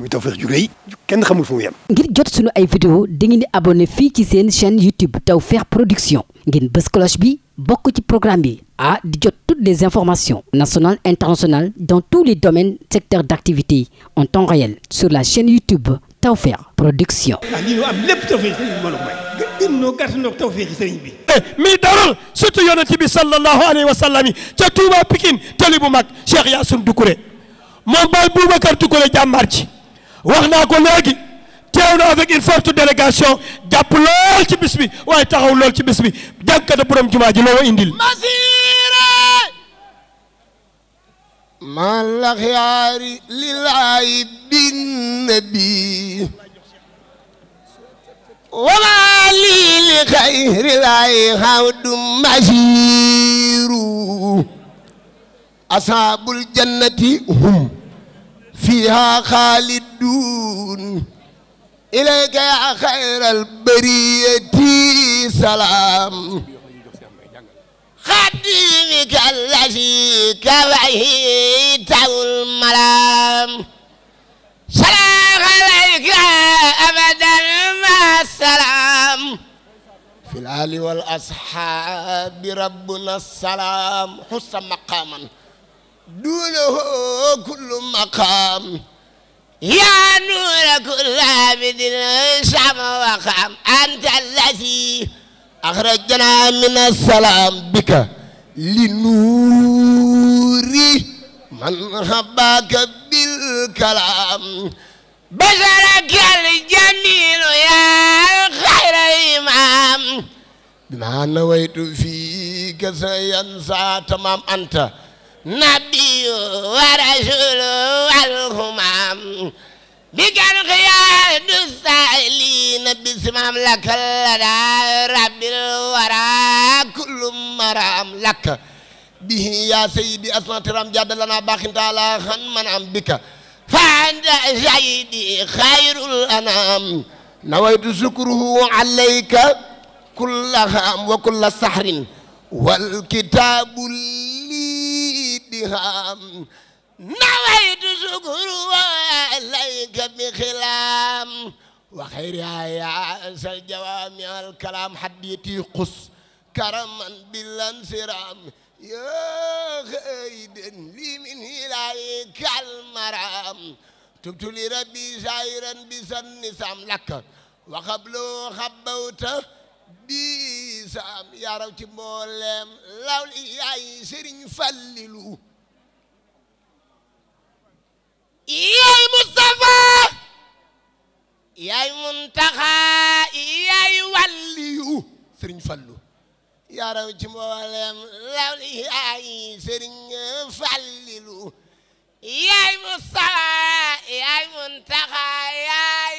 muy Tawfekh ju rëy kenn xamul fu mu yem. ngir jot sunu ay vidéo dangeen di abonné fii ci seen chaîne YouTube Tawfekh Production ngeen bës cloche bi bokk ci programme bi a di jot toutes les informations nationales internationales dans tous les domaines secteurs d'activité en temps réel sur la chaîne YouTube Tawfekh Production. Ah, eh, mi daral surtout yonent bi sallallahu alayhi wa sallam ca Touba Pikine tali bu mag Cheikh Yassine Doucouré moom Baye Boubacar Doucouré jàmbaar ci. wax naa ko léegi na avec une forte délégation lool ci bis bi waaye taxaw lool ci bis bi jànkata borom jumaa ji loo indil masire man laxyaari lilaayi binnabi wala lii li xayri laay xawdu masiru asaabul jannati hum fiihaa xaaliduun ilayka yaa xayral bariyati salaam xadimika allati kafaytawul malaam salaam alayka abadan ma salaam fi l aali wal ashaabi rabbuna salaam xussa maqaaman دونه كل مقام يا نور كل عابد سام وقام أنت الذي أخرجنا من السلام بك لنور من حباك بالكلام بشرك الجميل يا خير إمام بما نويت فيك سينسى تمام أنت نبي ورسول والهمام بكر قياد السائلين باسم لك لدى رب الورى كل مرام لك به يا سيدي أصلا ترام جاد لنا باخن تعالى خن من عم بك فأنت سيدي خير الأنام نويت شكره عليك كل خام وكل سحر والكتاب درهم نويت شكر وإليك بخلام وخير يا الجوامع الكلام حديتي قص كرما بالانسرام يا خيدا لي من هلالك المرام تبت لربي شاعرا بسن سام لك وقبله خبوت بي saam yaaraw ci mbooleem law li yaay sëriñ Walliyu sëriñ Fallu yaaraw ci mbooleem law li yaay sëriñ Fallilu yaay Mustafa yaay Muntaxa yaay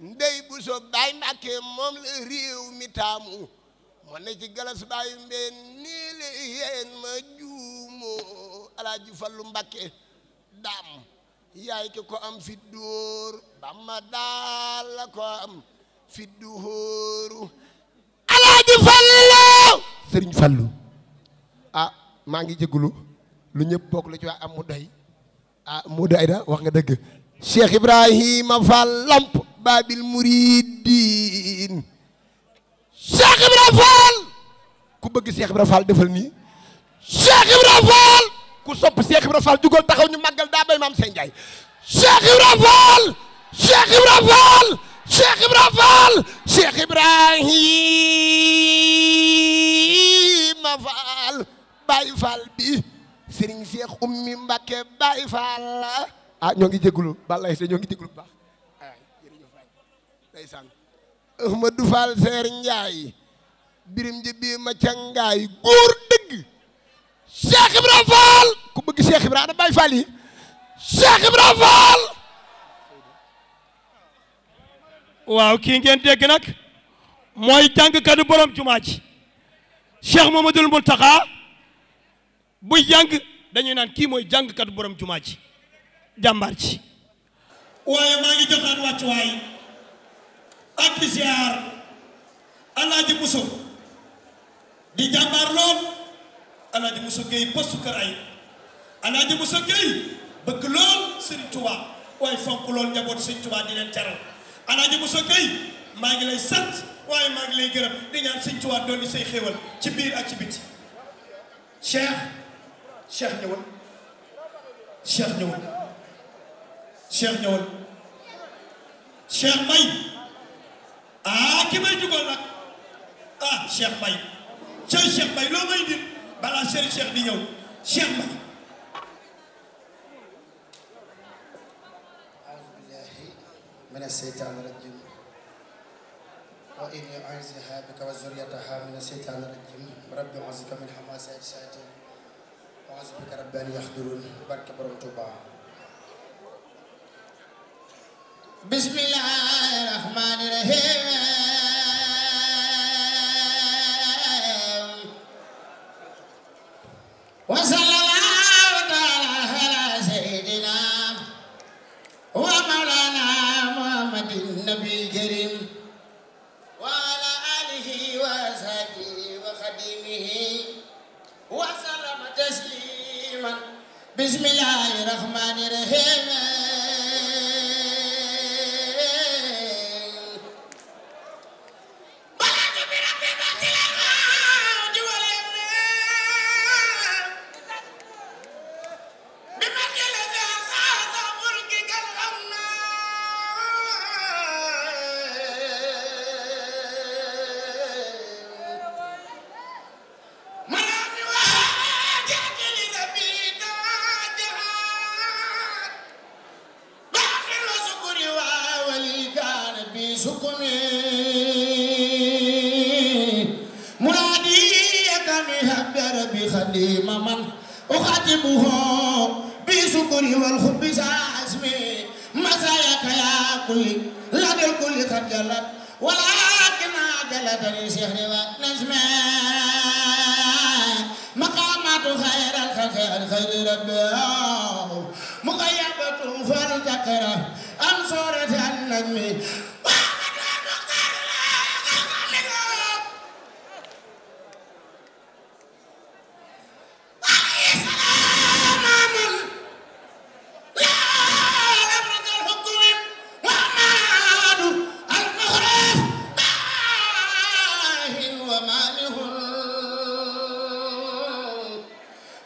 ndey bu so baay mbàkke moom la réew mi taamu moo ne ci galas baayu mbeen nii la yéen ma juumoo alaaji fallu mbàkke daam yaay ki ko am fi dóor ba ma daal la ko am fi dóoru alaaji fallu sëriñ fallu ah maa ngi jéggalu lu ñëpp bokk la ci waa am mu doy ah mu doy da wax nga dëgg Cheikh Ibrahima Fall Lamp baabil muridiin Cheikh Ibra ku bëgg Cheikh Ibra Fall defal nii Cheikh Ibra Fall ku sopp Cheikh Ibra jugal taxaw ñu màggal daa bay maam seen Njaay Cheikh Ibra Fall Cheikh Ibra Fall Cheikh Ibra Fall Cheikh Ibrahima Fall Baye Fall bi ah ñoo ngi jégalu balay se ñoo ngi jégalu bu ndeysaan Ahmadou Fall seer Njaay birim ji bii ma cangaay góor dëgg Cheikh Ibra Fall ku bëgg Cheikh Ibra Baay Fall yi Cheikh waaw kii ngeen dégg nag mooy jàngkatu borom jumaa ji Cheikh Mamadul Muntaxa bu jàng dañuy naan kii mooy jàngkatu borom jumaa ji ji waaye maa ngi joxaat wàccuwaay ak ziar alaaji Muso di jàmbaar lool alaaji Muso Gueye postu kër ay alaaji Muso Gueye bëgg lool Serigne Touba waaye fonk lool njaboot Serigne Touba di leen teral alaaji Muso Gueye maa ngi lay sant waaye maa ngi lay gërëm di ñaan Serigne Touba doon di say xéewal ci biir ak ci biti Cheikh Cheikh ñëwal Cheikh ñëwal Cheikh May ah ki may jugoon nag ah Cheikh Mbaye cey Cheikh Mbaye loo may nit balaa Serigne Cheikh di ñëw Cheikh Mbaye aouzu billahi mina seytaani rajim wa inni u'iizuha bika wa zurriyataha mina seytaani rajim rabbi u'iizuka min hamazaati shayaatiin wa u'iizu bika rabbi an yahduruun barke borom Tuubaa bismillahir rahmanir rahim سكني مناديك من حب ربي خديم من أخاطبه بسكري والحب ساسمي مساياك يا كل لدى الكل قد جلت ولكن عجلتني سحري ونجمي مقامات خير الخير خير ربي مغيبة فلتقرأ أنصرة النجم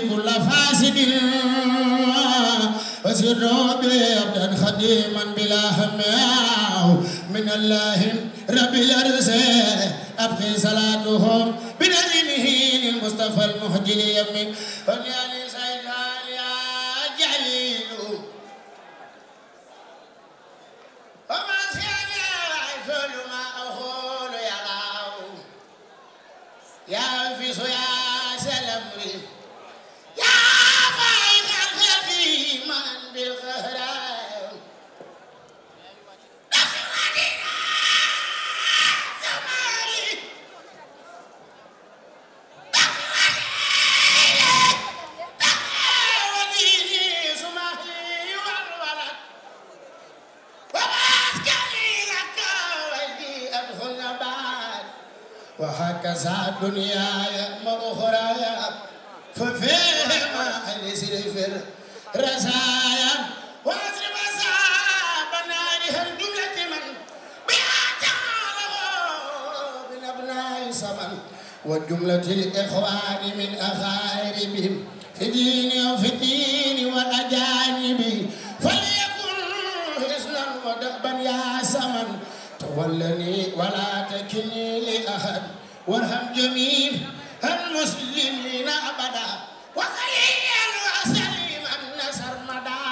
كل فاسد وسره بعبدا خديما بلا هم من الله رب الأرز أبقي صلاتهم بنعيمه للمصطفى المهجر يمين وهكذا دنياي وأخرايا ففيهما لسلف الرزايا واجرم عذاب نارها الجملة من بها تعالى من أبناء سمن وجملة الإخوان من أخاربهم في ديني وفي دين ولني ولا تكلني لأحد وارحم جميع المسلمين أبدا وخليا وسليما سرمدا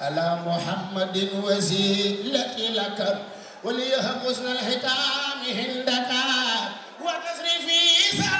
على محمد وسيلة لك وليها حسن الختام عندك وتصرفي سرمدا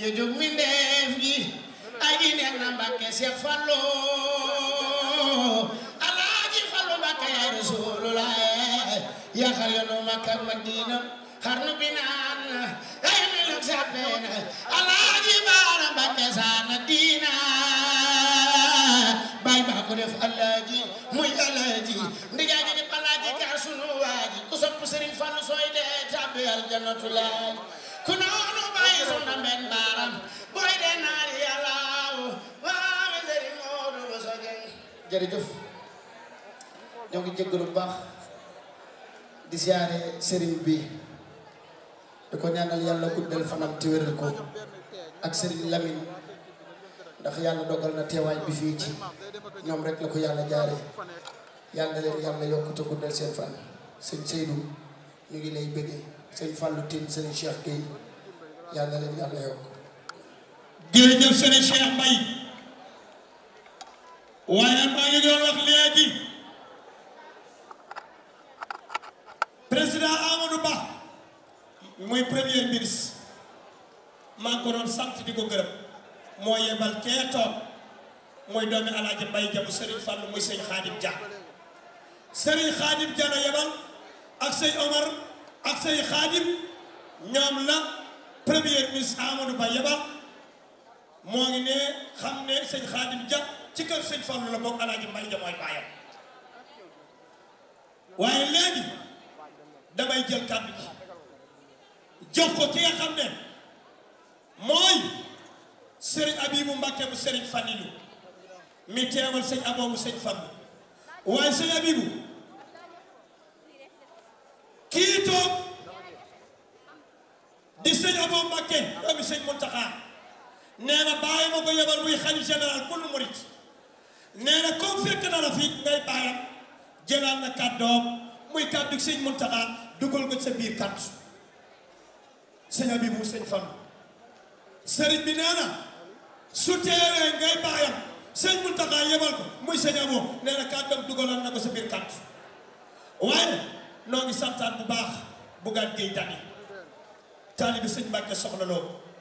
jujug mi ndeef ji aji neex na Mbàkke Seex Fallu Alaaji Fallu Mbàkke yaa Rasuulullaah yaa xar yoonu Makka Madina xarnu bi naan na ay mi lug sàppeena Alaaji Baara Mbàkke saana diina bay baa ko def Alaaji muy Alaaji ndijaaji di palaaji kaar sunu waaji ku sopp Sëriñ Fallu sooy dee tàbbi aljannatu laaj ku noonu jërëjëf ñoo ngi jéggalu bu baax di siyaare sëriñ bi yàlla guddal te wéral ko ak sëriñ Lamin ndax yàlla dogal na teewaay ñoom rek la ko yàlla jaare yàlla leen yàlla yokk te guddal seen fan sëñ Seydou ñu ngi lay bëggee sëñ Fallou Tine sëñ Cheikh yàlla leen yàlla yokk jërëjëf sëriñ Cheikh Mbaye waaye maa ngi doon wax léegi président Amadou Ba muy premier ministre maa ngi ko doon sant di ko gërëm moo yebal kee toog mooy doomi alaaji Mbaye jamu sëriñ Fall muy sëñ Xaadim Dia sëriñ Xaadim Dia la yebal ak sëñ Omar ak sëñ Xaadim ñoom la premier ministre Amadou Ba yebal moo ngi ne xam ne sëñ Xaadim Dia ci kër sëñ Fallu la bokk Alaaji Mbay Ja mooy baayam waaye léegi damay jël kàddu gi jox ko ki xam ne mooy sëriñ Abibu Mbàkke bu sëriñ Fanilu mi teewal sëñ Aboobu sëñ Fallu waaye sëñ Abibu xalif général kullu murit nee na comme fekk na la ngay bàyyam jëlaat na kàddoom muy kàddu sëñ Muntaxa dugal ko sa biir kàddu sëñ Abibu sëñ Fan sëriñ bi nee na su teeree ngay bàyyam sëñ Muntaxa yebal ko muy sëñ nee na kàddoom dugalaat na ko sa biir kàddu waaye noo ngi bu baax bu gaat géy dani taalibi sëñ Mbàkke soxla loo